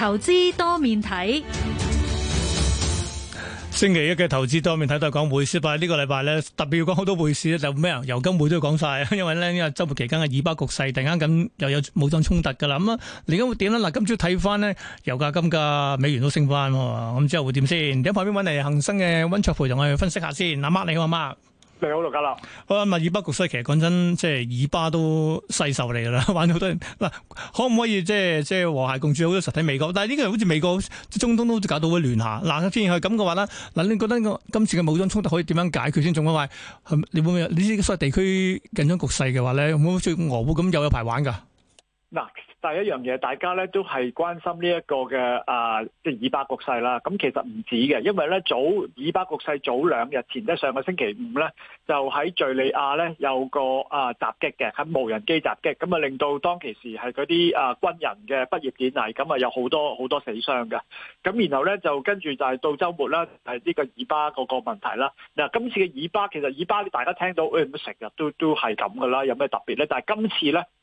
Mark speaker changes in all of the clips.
Speaker 1: 投資多面
Speaker 2: 睇，星期一嘅投資多面睇都係講匯市，但係呢個禮拜咧特別要講好多匯事，咧就咩啊？油金匯都要講晒，因為咧因為周末期間嘅以巴局勢突然間咁又有武裝衝突噶啦，咁啊而家會點咧？嗱，今朝睇翻咧油價、金價、美元都升翻，咁之後會點先？而家喺旁邊揾嚟恒生嘅溫灼培同我哋分析下先。阿、啊、媽你好，阿、啊、媽。媽最好就架啦。啊，以巴局勢其實講真，即係以巴都世仇嚟噶啦，玩好多人。嗱，可唔可以即係即係和諧共處？好多實體美國，但係呢個好似美國中東都好似搞到會亂下。嗱，既然係咁嘅話咧，嗱，你覺得今次嘅武裝衝突可以點樣解決先？仲唔係？你會唔會？你知所謂地區緊張局勢嘅話咧，會唔會好似俄烏咁又有排玩噶？
Speaker 1: 嗱，第一樣嘢，大家咧都係關心呢一個嘅啊，即係以巴局勢啦。咁其實唔止嘅，因為咧早以巴局勢早兩日前咧，上個星期五咧就喺敍利亞咧有個啊襲擊嘅，喺無人機襲擊，咁啊令到當其時係嗰啲啊軍人嘅畢業典禮，咁啊有好多好多死傷嘅。咁然後咧就跟住就係到周末啦，係呢個以巴嗰個問題啦。嗱，今次嘅以巴其實以巴大家聽到誒，成日都都係咁噶啦，有咩特別咧？但係今次咧。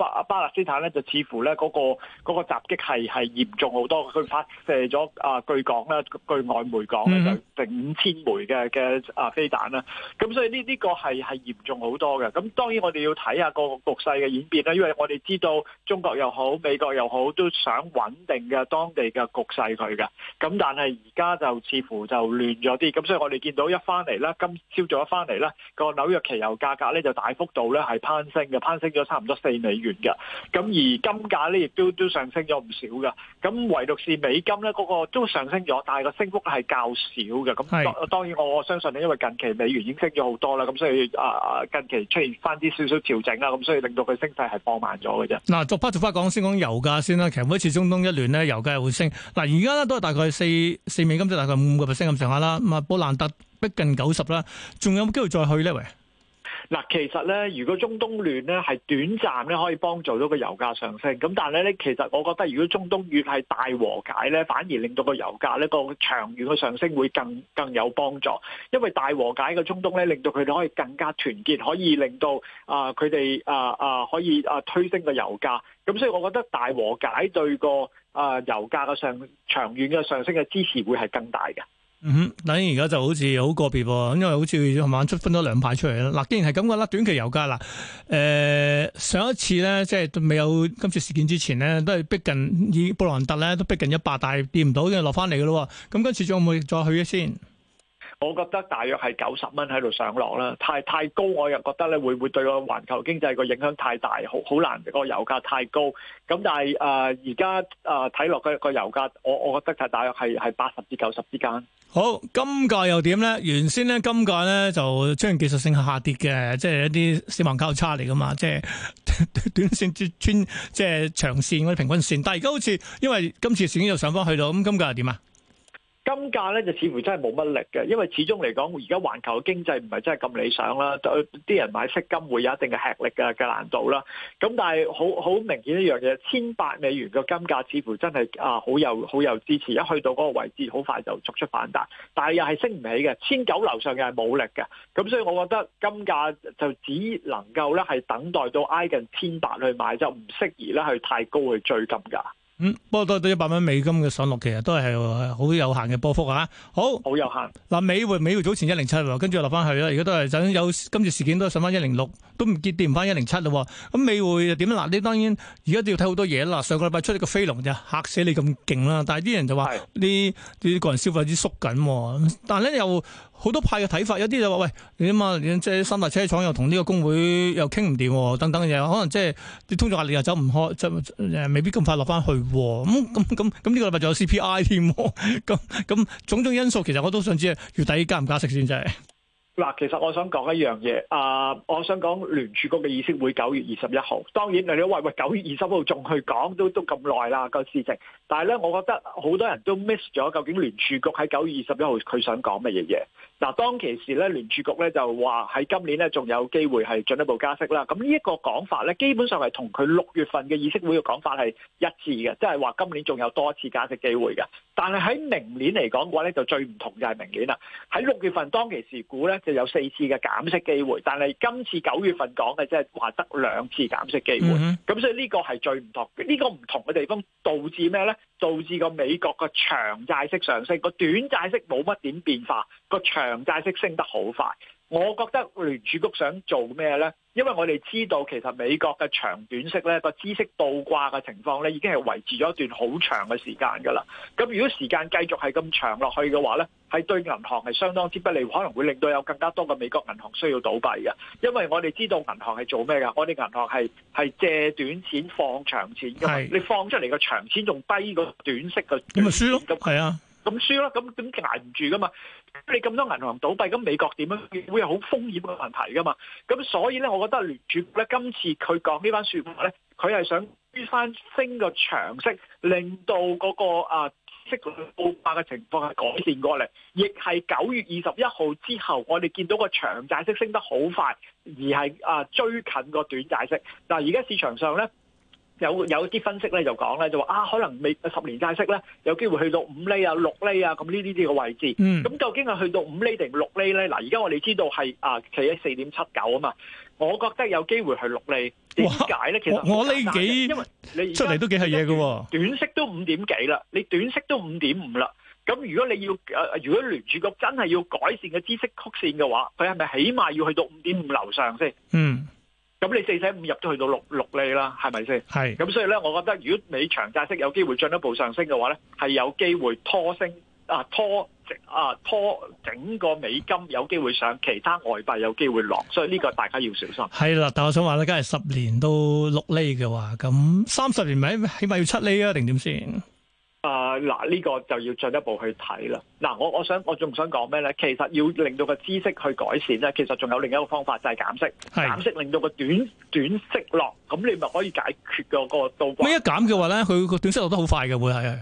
Speaker 1: 巴巴勒斯坦咧就似乎咧、嗰、嗰個嗰、嗰個襲擊係係嚴重好多，佢發射咗啊據講咧據外媒講咧就五千枚嘅嘅啊飛彈啦，咁所以呢呢個係係嚴重好多嘅。咁當然我哋要睇下個局勢嘅演變啦，因為我哋知道中國又好，美國又好，都想穩定嘅當地嘅局勢佢嘅。咁但係而家就似乎就亂咗啲，咁所以我哋見到一翻嚟啦，今朝早一翻嚟啦，嗰個紐約期油價格咧就大幅度咧係攀升嘅，攀升咗差唔多四美元。嘅，咁而金價咧，亦都都上升咗唔少嘅。咁唯獨是美金咧，嗰個都上升咗，但係個升幅係較少嘅。咁是當然我相信咧，因為近期美元已經升咗好多啦，咁所以啊啊，近期出現翻啲少少調整啦，咁所以令到佢升勢係放慢咗嘅啫。
Speaker 2: 嗱，逐翻逐翻講先，講油價先啦。其實每一次中東一亂呢，油價又會升。嗱，而家咧都係大概四四美金即大概五個 percent 咁上下啦。咁啊，布蘭特逼近九十啦，仲有冇機會再去咧？喂
Speaker 1: 嗱，其實咧，如果中東亂咧係短暫咧，可以幫助到個油價上升。咁但係咧，其實我覺得，如果中東越係大和解咧，反而令到個油價咧個長遠嘅上升會更更有幫助。因為大和解嘅中東咧，令到佢哋可以更加團結，可以令到啊佢哋啊啊可以啊推升個油價。咁所以，我覺得大和解對個啊、呃、油價嘅上長遠嘅上升嘅支持會係更大嘅。
Speaker 2: 嗯哼，等於而家就好似好個別，因為好似琴晚出分咗兩排出嚟啦。嗱，既然係咁嘅啦，短期油價嗱，誒、呃、上一次咧，即係未有今次事件之前咧，都係逼近以布蘭特咧都逼近一百，但係跌唔到，因為落翻嚟嘅咯。咁、嗯、今次仲唔會再去嘅先、
Speaker 1: 呃呃？我覺得大約係九十蚊喺度上落啦，太太高我又覺得咧會唔會對個環球經濟個影響太大，好好難個油價太高。咁但係啊而家啊睇落嘅個油價，我我覺得就大約係係八十至九十之間。
Speaker 2: 好，今屆又點咧？原先咧，今屆咧就出現技術性下跌嘅，即係一啲死亡交叉嚟㗎嘛，即係短，短線穿即係長線嗰啲平均線。但係而家好似因為今次已經又上翻去到，咁今屆又點啊？
Speaker 1: 金價咧就似乎真係冇乜力嘅，因為始終嚟講，而家環球嘅經濟唔係真係咁理想啦，啲人買息金會有一定嘅吃力嘅嘅難度啦。咁但係好好明顯一樣嘢，千八美元嘅金價似乎真係啊好有好有支持，一去到嗰個位置，好快就逐出反彈，但係又係升唔起嘅，千九樓上嘅係冇力嘅。咁所以我覺得金價就只能夠咧係等待到挨近千八去買，就唔適宜咧去太高去追金價。
Speaker 2: 嗯，不過到到一百蚊美金嘅上落其實都係好有限嘅波幅啊。好，好有限。嗱、啊，美匯美匯早前一零七喎，跟住落翻去啦，而家都係有今次事件都係上翻一零六，都唔跌跌唔翻一零七咯。咁美匯又點嗱？你當然而家都要睇好多嘢啦。上個禮拜出呢個飛龍就嚇死你咁勁啦，但係啲人就話呢，你個人消費支縮緊，但係咧又。好多派嘅睇法，有啲就話、是、喂，你啊嘛，即係三大車廠又同呢個工會又傾唔掂，等等嘅嘢，可能即係啲通脹壓力又走唔開，就誒未必咁快落翻去、哦。咁咁咁咁呢個禮拜仲有 CPI 添，咁 咁、嗯嗯、種種因素，其實我都想知係，月底加唔加息先真係。
Speaker 1: 嗱，其實我想講一樣嘢啊！我想講聯儲局嘅議息會九月二十一號。當然，你話喂喂，九月二十號仲去講都都咁耐啦個事情。但係咧，我覺得好多人都 miss 咗究竟聯儲局喺九月二十一號佢想講乜嘢嘢。嗱、呃，當其時咧，聯儲局咧就話喺今年咧仲有機會係進一步加息啦。咁呢一個講法咧，基本上係同佢六月份嘅議息會嘅講法係一致嘅，即係話今年仲有多一次加息機會嘅。但係喺明年嚟講嘅話咧，就最唔同就係明年啦。喺六月份當期市估咧就有四次嘅減息機會，但係今次九月份講嘅即係話得兩次減息機會。咁、嗯、哼所以呢個係最唔同嘅。呢個唔同嘅地方導致咩咧？導致個美國個長債息上升，個短債息冇乜點變化，個長債息升得好快。我覺得聯儲局想做咩呢？因為我哋知道其實美國嘅長短息呢個知識倒掛嘅情況呢，已經係維持咗一段好長嘅時間㗎啦。咁如果時間繼續係咁長落去嘅話呢，係對銀行係相當之不利，可能會令到有更加多嘅美國銀行需要倒閉㗎。因為我哋知道銀行係做咩㗎？我哋銀行係係借短錢放長錢㗎嘛。你放出嚟嘅長錢仲低過短息，咁
Speaker 2: 咪是輸咯。係
Speaker 1: 啊。咁輸啦，咁咁捱唔住噶嘛？你咁多銀行倒閉，咁美國點樣會有好風險嘅問題噶嘛？咁所以咧，我覺得聯儲局咧，今次佢講番呢班說話咧，佢係想於翻升個長息，令到嗰、那個啊息率倒掛嘅情況係改善過嚟，亦係九月二十一號之後，我哋見到個長債息升得好快，而係啊追近個短債息。嗱、啊，而家市場上咧。有有啲分析咧就講咧就話啊，可能美十年債息咧有機會去到五厘啊六厘啊咁呢啲啲嘅位置。咁、嗯、究竟係去到五厘定六厘咧？嗱，而家我哋知道係啊，企喺四點七九啊嘛。我覺得有機會係六厘。點解咧？哇其實我呢幾因為你出嚟
Speaker 2: 都幾係嘢嘅。
Speaker 1: 短息都五點幾啦，你短息都五點五啦。咁如果你要誒、啊，如果聯儲局真係要改善嘅孳息曲線嘅話，佢係咪起碼要去到五點五樓上先？嗯。咁你四捨五入都去到六六厘啦，係咪先？係是。咁所以咧，我覺得如果你長債息有機會進一步上升嘅話咧，係有機會拖升啊拖整啊拖整個美金有機會上，其他外幣有機會落。所以呢個大家要小心。
Speaker 2: 係啦，但我想話咧，梗係十年都六厘嘅話，咁三十年咪起碼要七厘啊？定點先？
Speaker 1: 啊！嗱，呢個就要進一步去睇啦。嗱、啊，我我想我仲唔想講咩咧？其實要令到個知識去改善咧，其實仲有另一個方法就係、是、減息。係是減息令到個短短息落，咁你咪可以解決、那個個倒
Speaker 2: 掛。咩一減嘅話咧，佢個短息落得好快嘅會係。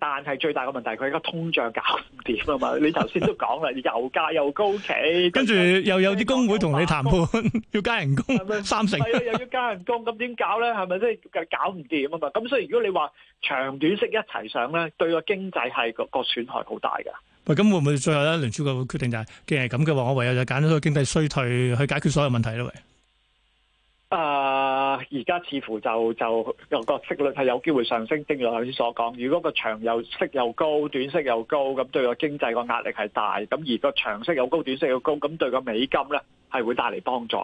Speaker 1: 但係最大嘅問題，佢而家通脹搞唔掂啊嘛！ 你頭先都講啦，油價又高企，跟住
Speaker 2: 又有啲工會同你談判， 要加人工，係咪三成係咪、
Speaker 1: 啊，又要加人工，咁點 搞咧？係咪即係搞唔掂啊嘛？咁所以如果你話長短息一齊上咧，對經濟個經濟係個個損害好大嘅。
Speaker 2: 喂，咁會唔會最後咧聯儲局決定就係、是、既然係咁嘅話，我唯有就揀咗個經濟衰退去解決所有問題咧？喂。
Speaker 1: 啊！而家、uh, 似乎就就個息率係有機會上升，正如我頭先所講。如果個長又息又高，短息又高，咁對個經濟個壓力係大。咁而個長息又高，短息又高，咁對個美金咧係會帶嚟幫助。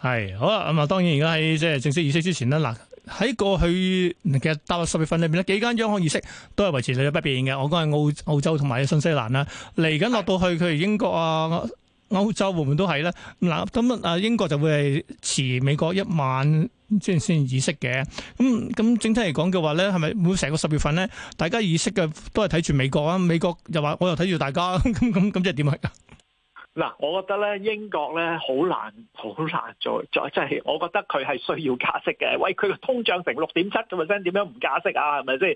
Speaker 2: 係好啦。咁啊，當然而家喺即係正式議息之前咧，嗱喺過去其實踏入十月份裏邊呢，幾間央行議息都係維持利率不變嘅。我講係澳澳洲同埋新西蘭啦。嚟緊落到去佢英國是啊。歐洲會唔會都係咧？嗱，咁啊，英國就會係遲美國一晚，即係先意識嘅。咁咁整體嚟講嘅話咧，係咪每成個十月份咧？大家意識嘅都係睇住美國啊！美國又話我又睇住大家咁咁咁，即係點啊？
Speaker 1: 嗱，我覺得咧英國咧好難好難再再即係，我覺得佢係需要加息嘅。喂，佢個通脹成六點七個 percent，點樣唔加息啊？係咪先？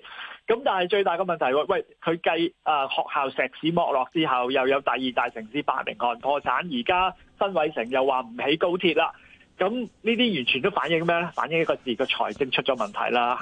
Speaker 1: 咁但係最大嘅問題，喂，佢計啊學校石屎剝落之後，又有第二大城市伯明翰破產，而家新會城又話唔起高鐵啦。咁呢啲完全都反映咩咧？反映一個字，個財政出咗問題啦。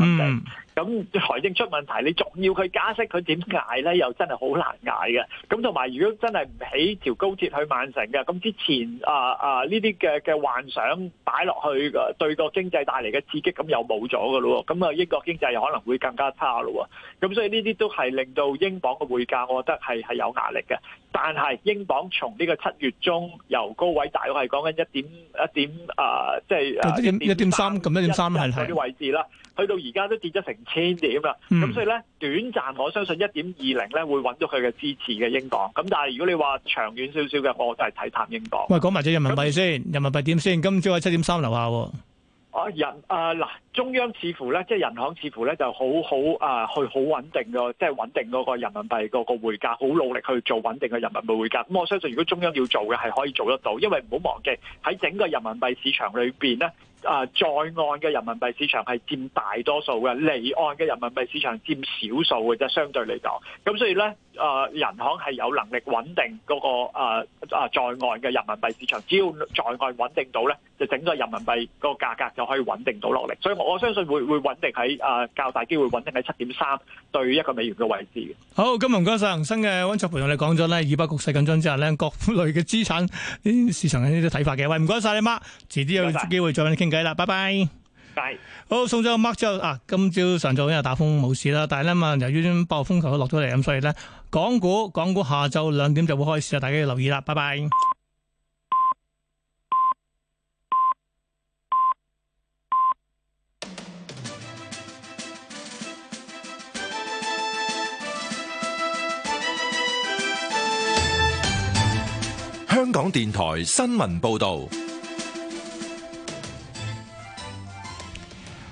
Speaker 1: 咁財政出問題，嗯，你仲要佢加息，佢點挨咧？又真係好難挨嘅。咁同埋，如果真係唔起條高鐵去曼城嘅，咁之前啊啊呢啲嘅嘅幻想擺落去，對個經濟帶嚟嘅刺激，咁又冇咗噶咯。咁啊，英國經濟又可能會更加差咯。咁所以呢啲都係令到英鎊嘅匯價，我覺得係係有壓力嘅。但係，英鎊從呢個七月中由高位大約，大概係講緊一點一點啊、呃，即係一點一點三，咁一點三係係啲位置啦。去到而家都跌咗成千點啦。咁所以咧，短暫我相信一點二零咧會搵到佢嘅支持嘅英鎊。咁但係如果你話長遠少少嘅，我就係睇淡英鎊。喂，
Speaker 2: 講埋隻人民幣先，人民幣點先？今朝喺七點三樓下喎。
Speaker 1: 啊人啊嗱，中央似乎咧，即係人行似乎咧就好好啊，去好穩定嘅，即係穩定嗰個人民幣嗰個匯價，好努力去做穩定嘅人民幣匯價。咁我相信如果中央要做嘅，係可以做得到，因為唔好忘記喺整個人民幣市場裏邊咧，啊在岸嘅人民幣市場係佔大多數嘅，離岸嘅人民幣市場佔少數嘅啫，相對嚟講，咁所以咧。誒、呃、人行係有能力穩定嗰、那個誒、呃呃、在岸嘅人民幣市場，只要在岸穩定到咧，就整個人民幣個價格就可以穩定到落嚟，所以我相信會會穩定喺誒、呃、較大機會穩定喺七點三對一個美元嘅位置。好，
Speaker 2: 金融家沈新嘅温卓陪同你講咗咧，以北局細緊張之下咧，各類嘅資產市場嘅呢啲睇法嘅。喂，唔該晒你 Mark，遲啲有機會再揾你傾偈啦，謝謝拜拜。拜。Bye. 好，送咗 Mark 之後啊，今朝上，上早因為打風冇事啦，但係咧嘛，由於啲暴風球都落咗嚟咁，所以咧。港股，港股下晝兩點就會開始啦，大家要留意啦，拜拜。
Speaker 1: 香港電台新聞報道。